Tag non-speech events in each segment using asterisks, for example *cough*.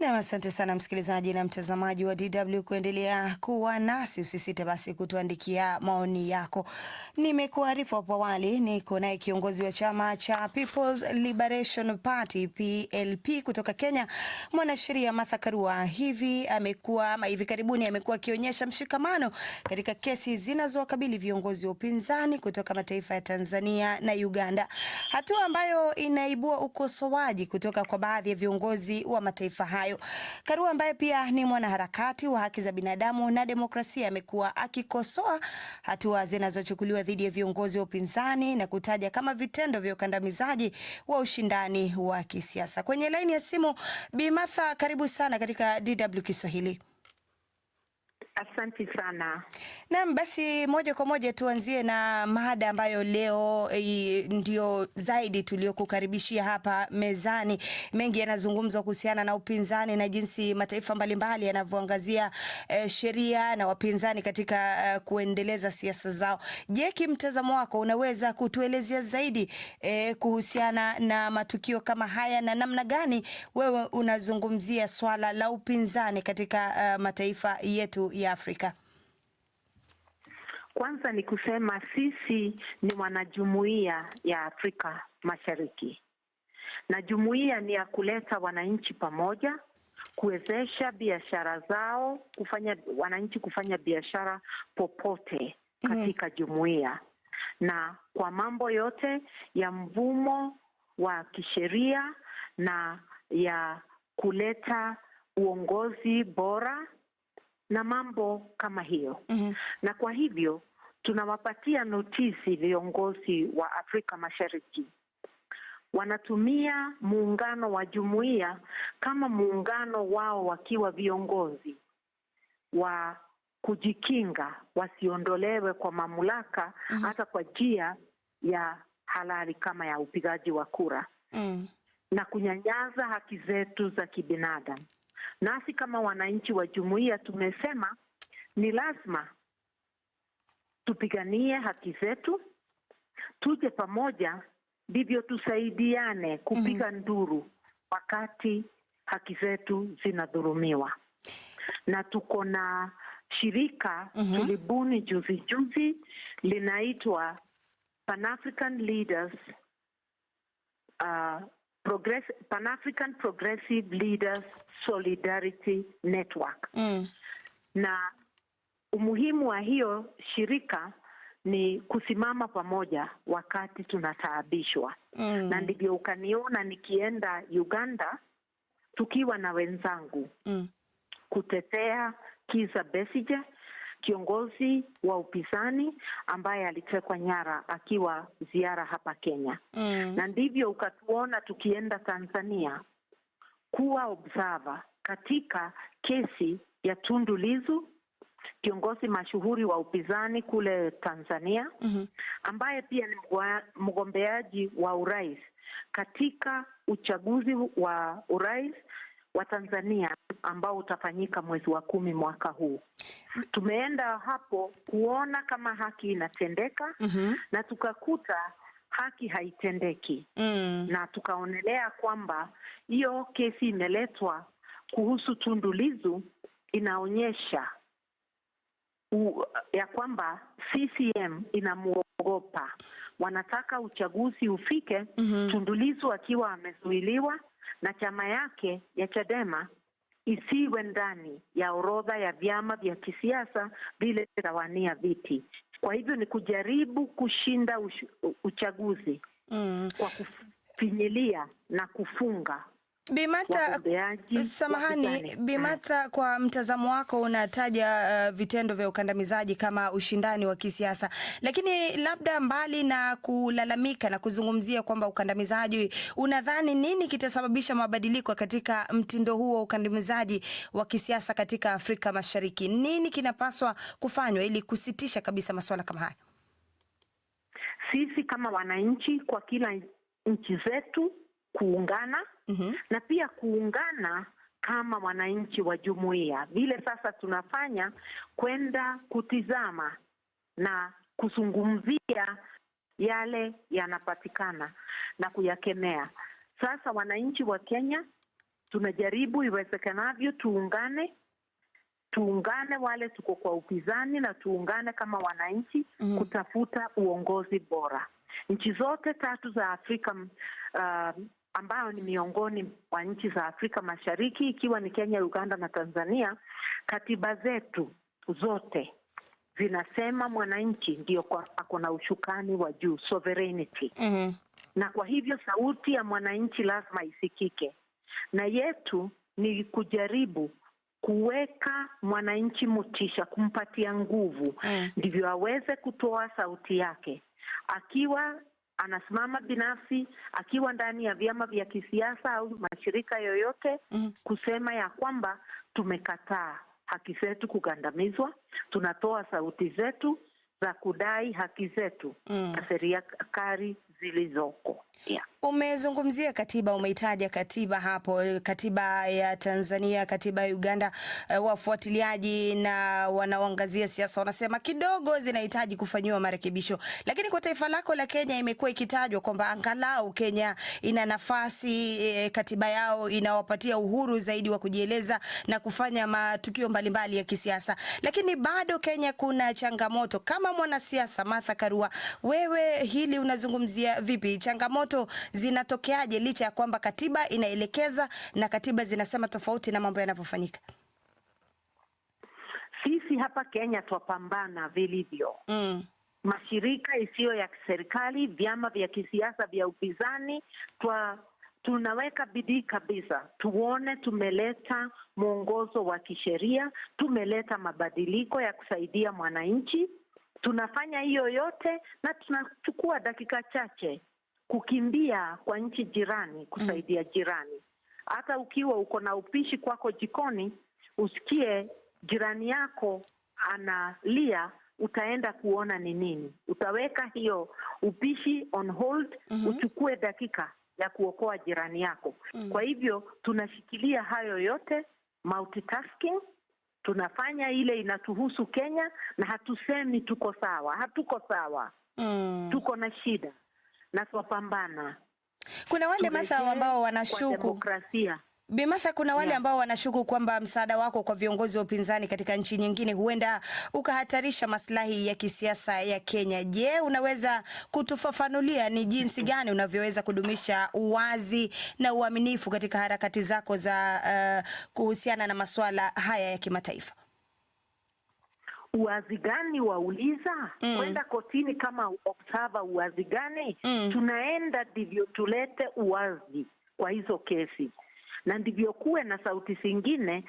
Nam, asante sana msikilizaji na mtazamaji wa DW kuendelea kuwa nasi, usisite basi kutuandikia maoni yako. Nimekuarifu hapo awali, niko naye kiongozi wa chama cha People's Liberation Party PLP kutoka Kenya, mwanasheria Martha Karua. Hivi amekuwa ama hivi karibuni amekuwa akionyesha mshikamano katika kesi zinazowakabili viongozi wa upinzani kutoka mataifa ya Tanzania na Uganda, hatua ambayo inaibua ukosoaji kutoka kwa baadhi ya viongozi wa mataifa haya hayo. Karua ambaye pia ni mwanaharakati wa haki za binadamu na demokrasia amekuwa akikosoa hatua zinazochukuliwa dhidi ya viongozi wa upinzani na kutaja kama vitendo vya ukandamizaji wa ushindani wa kisiasa. Kwenye laini ya simu, Bi Martha, karibu sana katika DW Kiswahili. Asante sana. Naam, basi moja kwa moja tuanzie na mada ambayo leo e, ndio zaidi tuliokukaribishia hapa mezani. Mengi yanazungumzwa kuhusiana na upinzani na jinsi mataifa mbalimbali yanavyoangazia e, sheria na wapinzani katika e, kuendeleza siasa zao. Je, kimtazamo wako unaweza kutuelezea zaidi e, kuhusiana na matukio kama haya na namna gani wewe unazungumzia swala la upinzani katika e, mataifa yetu ya Afrika? Kwanza ni kusema sisi ni wanajumuiya ya Afrika Mashariki, na jumuiya ni ya kuleta wananchi pamoja, kuwezesha biashara zao, kufanya wananchi kufanya biashara popote mhm. katika mm jumuiya na kwa mambo yote ya mvumo wa kisheria na ya kuleta uongozi bora na mambo kama hiyo mm -hmm. Na kwa hivyo tunawapatia notisi viongozi wa Afrika Mashariki, wanatumia muungano wa jumuiya kama muungano wao, wakiwa viongozi wa kujikinga wasiondolewe kwa mamlaka mm -hmm. hata kwa njia ya halali kama ya upigaji wa kura mm. na kunyanyaza haki zetu za kibinadamu. Nasi kama wananchi wa jumuiya tumesema ni lazima tupiganie haki zetu, tuje pamoja, ndivyo tusaidiane kupiga mm -hmm. nduru wakati haki zetu zinadhurumiwa, na tuko na shirika mm -hmm. tulibuni juzi juzi linaitwa Pan African Leaders uh, Progress, Pan African Progressive Leaders Solidarity Network mm. Na umuhimu wa hiyo shirika ni kusimama pamoja wakati tunataabishwa mm. Na ndivyo ukaniona nikienda Uganda tukiwa na wenzangu mm. kutetea Kizza Besigye kiongozi wa upinzani ambaye alitekwa nyara akiwa ziara hapa Kenya mm. na ndivyo ukatuona tukienda Tanzania kuwa observer katika kesi ya Tundu lizu kiongozi mashuhuri wa upinzani kule Tanzania mm -hmm. ambaye pia ni mgombeaji wa urais katika uchaguzi wa urais wa Tanzania ambao utafanyika mwezi wa kumi mwaka huu. Tumeenda hapo kuona kama haki inatendeka mm -hmm. na tukakuta haki haitendeki mm. na tukaonelea kwamba hiyo kesi imeletwa kuhusu Tundu Lissu inaonyesha u, ya kwamba CCM inamwogopa, wanataka uchaguzi ufike mm -hmm. Tundu Lissu akiwa amezuiliwa na chama yake ya Chadema isiwe ndani ya orodha ya vyama vya kisiasa vile vitawania viti. Kwa hivyo ni kujaribu kushinda uchaguzi mm. kwa kufinyilia na kufunga Bimata, samahani ah. Bimata, kwa mtazamo wako unataja uh, vitendo vya ukandamizaji kama ushindani wa kisiasa, lakini labda mbali na kulalamika na kuzungumzia kwamba ukandamizaji, unadhani nini kitasababisha mabadiliko katika mtindo huo wa ukandamizaji wa kisiasa katika Afrika Mashariki? Nini kinapaswa kufanywa ili kusitisha kabisa masuala kama haya? Sisi kama wananchi kwa kila nchi zetu kuungana mm -hmm. na pia kuungana kama wananchi wa jumuiya vile sasa tunafanya kwenda kutizama na kuzungumzia yale yanapatikana na kuyakemea. Sasa wananchi wa Kenya tunajaribu iwezekanavyo, tuungane, tuungane wale tuko kwa upizani na tuungane kama wananchi mm -hmm. kutafuta uongozi bora. Nchi zote tatu za Afrika uh, ambayo ni miongoni mwa nchi za Afrika Mashariki ikiwa ni Kenya, Uganda na Tanzania, katiba zetu zote zinasema mwananchi ndiyo ako na ushukani wa juu sovereignty. mm -hmm. Na kwa hivyo sauti ya mwananchi lazima isikike, na yetu ni kujaribu kuweka mwananchi mtisha, kumpatia nguvu, mhm. ndivyo mm. aweze kutoa sauti yake akiwa anasimama binafsi akiwa ndani ya vyama vya kisiasa au mashirika yoyote mm. kusema ya kwamba tumekataa haki zetu kugandamizwa, tunatoa sauti zetu za kudai haki zetu mm. na serikali zilizoko yeah. Umezungumzia katiba, umeitaja katiba hapo, katiba ya Tanzania, katiba ya Uganda. Uh, wafuatiliaji na wanaoangazia siasa wanasema kidogo zinahitaji kufanyiwa marekebisho, lakini kwa taifa lako la Kenya imekuwa ikitajwa kwamba angalau Kenya ina nafasi eh, katiba yao inawapatia uhuru zaidi wa kujieleza na kufanya matukio mbalimbali ya kisiasa, lakini bado Kenya kuna changamoto. Kama mwanasiasa Martha Karua, wewe hili unazungumzia kuzuia vipi changamoto zinatokeaje, licha ya kwamba katiba inaelekeza na katiba zinasema tofauti na mambo yanavyofanyika. Sisi hapa Kenya twapambana vilivyo mm. Mashirika isiyo ya serikali, vyama vya kisiasa vya upinzani, twa tunaweka bidii kabisa tuone tumeleta mwongozo wa kisheria, tumeleta mabadiliko ya kusaidia mwananchi Tunafanya hiyo yote na tunachukua dakika chache kukimbia kwa nchi jirani kusaidia mm. jirani. Hata ukiwa uko na upishi kwako jikoni, usikie jirani yako analia, utaenda kuona ni nini. Utaweka hiyo upishi on hold mm -hmm. uchukue dakika ya kuokoa jirani yako mm. Kwa hivyo tunashikilia hayo yote multitasking tunafanya ile inatuhusu Kenya, na hatusemi tuko sawa. Hatuko sawa mm. Tuko na shida na tuwapambana. Kuna wale masa ambao wanashuku demokrasia Bimatha, kuna wale ambao wanashuku kwamba msaada wako kwa viongozi wa upinzani katika nchi nyingine huenda ukahatarisha maslahi ya kisiasa ya Kenya. Je, unaweza kutufafanulia ni jinsi *clears throat* gani unavyoweza kudumisha uwazi na uaminifu katika harakati zako za uh, kuhusiana na masuala haya ya kimataifa? Uwazi gani wauliza? mm. Kwenda kotini kama observer, uwazi gani? mm. Tunaenda ndivyo tulete uwazi kwa hizo kesi na ndivyo kuwe na sauti zingine,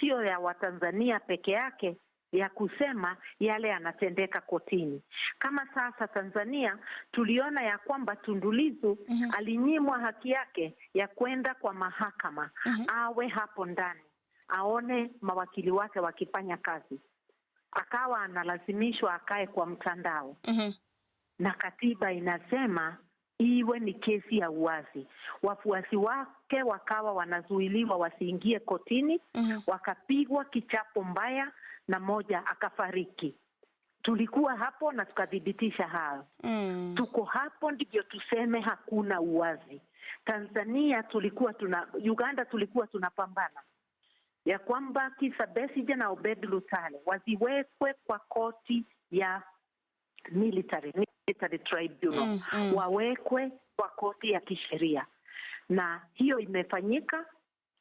siyo ya Watanzania peke yake ya kusema yale yanatendeka kotini. Kama sasa Tanzania tuliona ya kwamba Tundulizu uh-huh. Mhm. alinyimwa haki yake ya kwenda kwa mahakama uh-huh. awe hapo ndani aone mawakili wake wakifanya kazi, akawa analazimishwa akae kwa mtandao uh-huh. na katiba inasema iwe ni kesi ya uwazi. Wafuasi wake wakawa wanazuiliwa wasiingie kotini, mm-hmm. wakapigwa kichapo mbaya na moja akafariki. Tulikuwa hapo na tukathibitisha hayo mm. Tuko hapo ndivyo tuseme hakuna uwazi. Tanzania tulikuwa tuna, Uganda tulikuwa tunapambana ya kwamba kisa Besigye na Obed Lutale waziwekwe kwa koti ya military, military tribunal mm, mm. wawekwe kwa koti ya kisheria, na hiyo imefanyika,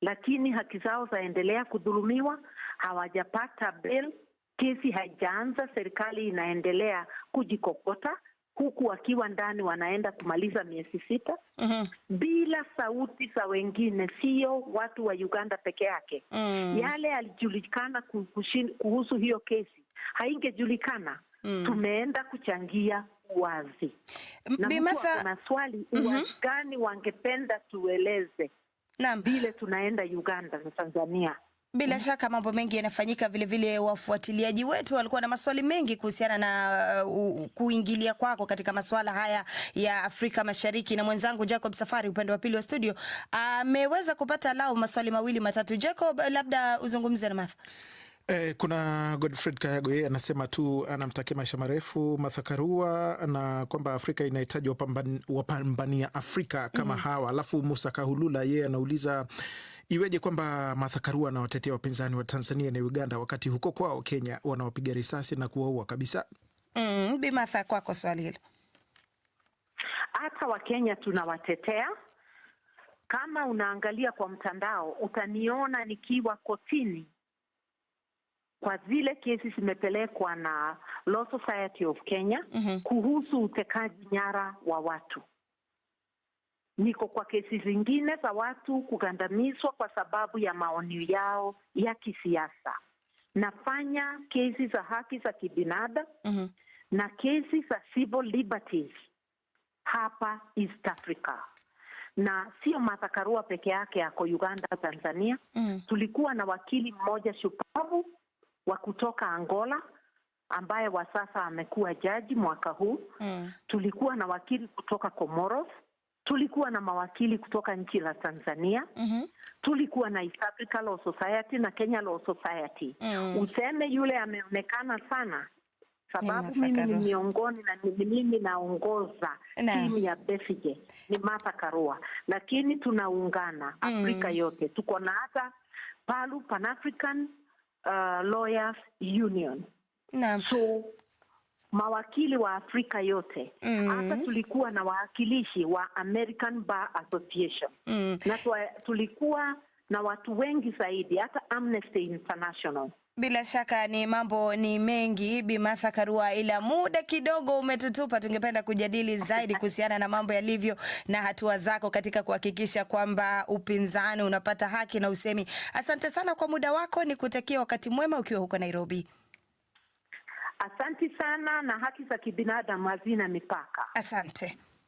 lakini haki zao zaendelea kudhulumiwa, hawajapata bel kesi haijaanza, serikali inaendelea kujikokota huku wakiwa ndani wanaenda kumaliza miezi sita mm -hmm. bila sauti za wengine, sio watu wa Uganda peke yake mm. yale alijulikana kuhusu hiyo kesi haingejulikana mm. tumeenda kuchangia mhm. wazi na maswali mm -hmm. gani wangependa tueleze naam, vile tunaenda Uganda na Tanzania bila shaka mambo mengi yanafanyika. Vilevile wafuatiliaji wetu walikuwa na maswali mengi kuhusiana na uh, kuingilia kwako katika masuala haya ya Afrika Mashariki, na mwenzangu Jacob Safari upande wa pili wa studio ameweza uh, kupata lao maswali mawili matatu. Jacob, labda uzungumze na Martha. E, kuna Godfred Kayago yeye anasema tu anamtakia maisha marefu mathakarua na kwamba Afrika inahitaji wapambania Afrika kama mm hawa. Alafu Musa Kahulula yeye anauliza iweje kwamba mathakarua anawatetea wapinzani wa Tanzania na Uganda wakati huko kwao Kenya wanawapiga risasi na kuwaua kabisa. Mm, Bi Martha, kwako swali hilo. Hata Wakenya tunawatetea kama unaangalia kwa mtandao utaniona nikiwa kotini kwa zile kesi zimepelekwa na Law Society of Kenya mm -hmm. kuhusu utekaji nyara wa watu. Niko kwa kesi zingine za watu kugandamizwa kwa sababu ya maoni yao ya kisiasa. Nafanya kesi za haki za kibinadamu mm -hmm. na kesi za civil liberties hapa East Africa na sio Martha Karua peke yake, yako Uganda, Tanzania. mm. Tulikuwa na wakili mmoja shupavu wa kutoka Angola ambaye wa sasa amekuwa jaji mwaka huu mm. Tulikuwa na wakili kutoka Comoros, tulikuwa na mawakili kutoka nchi la Tanzania mm -hmm. Tulikuwa na East Africa Law Society na Kenya Law Society mm. Useme yule ameonekana sana sababu mimi ni miongoni na mimi naongoza timu ya Besigye ni Martha Karua, lakini tunaungana Afrika mm. yote tuko na hata Palu Pan African Uh, lawyers union na. So mawakili wa Afrika yote mm hata tulikuwa na wawakilishi wa American Bar Association mm. na tulikuwa na watu wengi zaidi hata Amnesty International bila shaka ni mambo ni mengi Bi Martha Karua, ila muda kidogo umetutupa. Tungependa kujadili zaidi kuhusiana na mambo yalivyo na hatua zako katika kuhakikisha kwamba upinzani unapata haki na usemi. Asante sana kwa muda wako, ni kutakia wakati mwema ukiwa huko Nairobi. Asante sana, na haki za kibinadamu hazina mipaka. Asante.